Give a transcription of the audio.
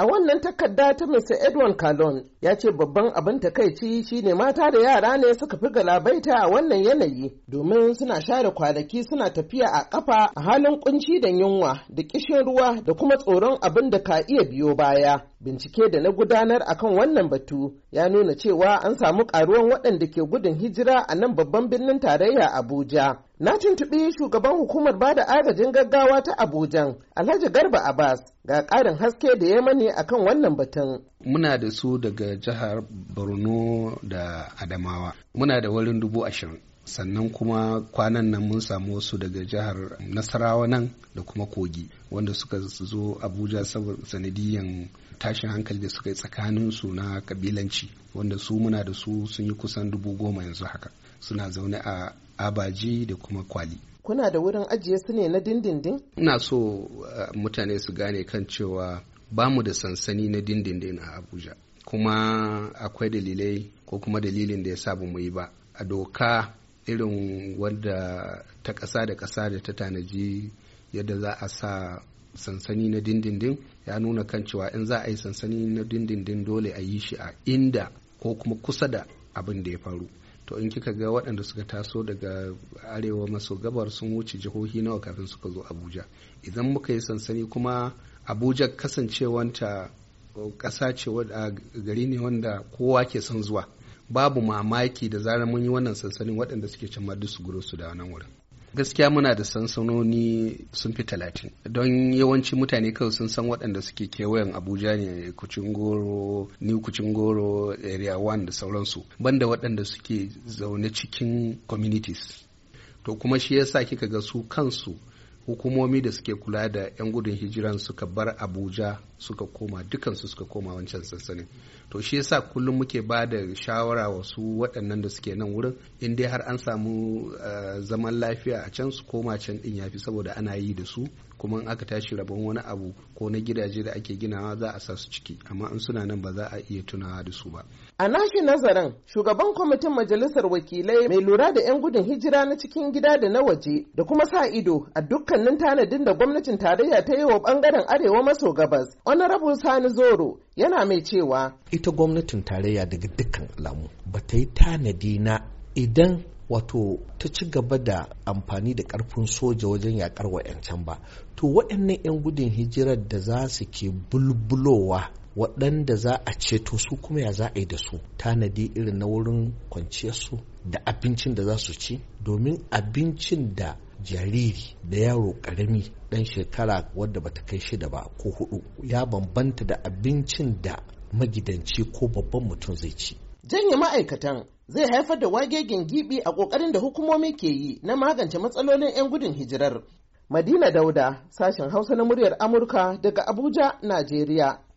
A wannan takarda ta Mr. Edwin Kalon ya ce babban abin takaici shine mata da yara ne suka fi galabaita a wannan yanayi domin suna share kwanaki suna tafiya a kafa a halin kunci da yunwa da kishin ruwa da kuma tsoron abin da ka iya biyo baya. Bincike da na gudanar akan wannan batu ya nuna cewa an samu karuwan waɗanda ke gudun hijira a nan babban birnin tarayya Abuja. Na tuntuɓi shugaban hukumar ba da agajin gaggawa ta Abujan, Alhaji Garba Abbas, ga ƙarin haske da ya mani akan wannan batun. Muna da su daga jihar Borno da Adamawa. Muna da wurin dubu ashirin. sannan kuma kwanan nan mun samu wasu daga jihar nasarawa nan da kuma kogi wanda suka zo abuja saboda sanadiyan tashin hankali da suka yi tsakanin su na kabilanci wanda su muna da su sun yi kusan dubu goma yanzu haka suna zaune a abaji da kuma kwali kuna da wurin ajiye su ne na dindindin ina so uh, mutane su gane kan cewa ba mu da sansani na dindindin a abuja kuma akwai dalilai ko kuma dalilin da ya sa mu yi ba a doka irin wanda ta ƙasa da kasa da ta tanaji yadda za a sa sansani na dindindin ya nuna kan cewa in za a yi sansani na dindindin dole a yi shi a inda ko kuma kusa da abin da ya faru to in kika ga waɗanda suka taso daga arewa maso gabar sun wuce jihohi nawa kafin suka zo abuja idan muka yi sansani kuma abuja kasancewanta ƙasa ce gari ne wanda kowa ke son zuwa babu mamaki da zarar mun yi wannan sansanin waɗanda suke can ma duk su gudu su da wannan wurin gaskiya muna da sansanoni sun fi talatin don yawanci mutane kawai sun san waɗanda suke kewayen abuja ne kucingoro new kucingoro area one da sauransu banda waɗanda suke zaune cikin communities to kuma shi yasa kika ga su kansu hukumomi da suke kula da 'yan gudun hijiran suka bar abuja suka koma dukansu suka koma wancan sansanin to shi yasa kullum muke ba da shawara wasu waɗannan da suke nan wurin in dai har an samu eh, zaman lafiya a can su koma can din ya fi saboda ana yi da su kuma in aka tashi rabon wani abu ko na gidaje da ake ginawa za a sa su ciki amma in suna nan ba za a iya tunawa da su ba a nashi nazarin shugaban kwamitin majalisar wakilai mai lura da 'yan gudun hijira na cikin gida da na waje da kuma sa ido a dukkan waɗannan tanadin da gwamnatin tarayya ta yi wa ɓangaren arewa maso gabas rabu sani zoro yana mai cewa ita gwamnatin tarayya daga dukkan alamu ba ta yi tanadi na idan wato ta ci gaba da amfani da karfin soja wajen yakar wa'yancan ba to waɗannan 'yan gudun hijirar da za su ke bulbulowa waɗanda za a ceto su kuma ya za a yi da su tanadi irin na wurin kwanciyarsu da abincin da za su ci domin abincin da jariri da yaro karami dan shekara wadda bata kai shida ba ko hudu ya bambanta da abincin da magidanci ko babban mutum zai ci janye ma'aikatan zai haifar da wagegin gibi a kokarin da hukumomi ke yi na magance matsalolin 'yan gudun hijirar madina dauda sashen hausa na muryar amurka daga abuja najeriya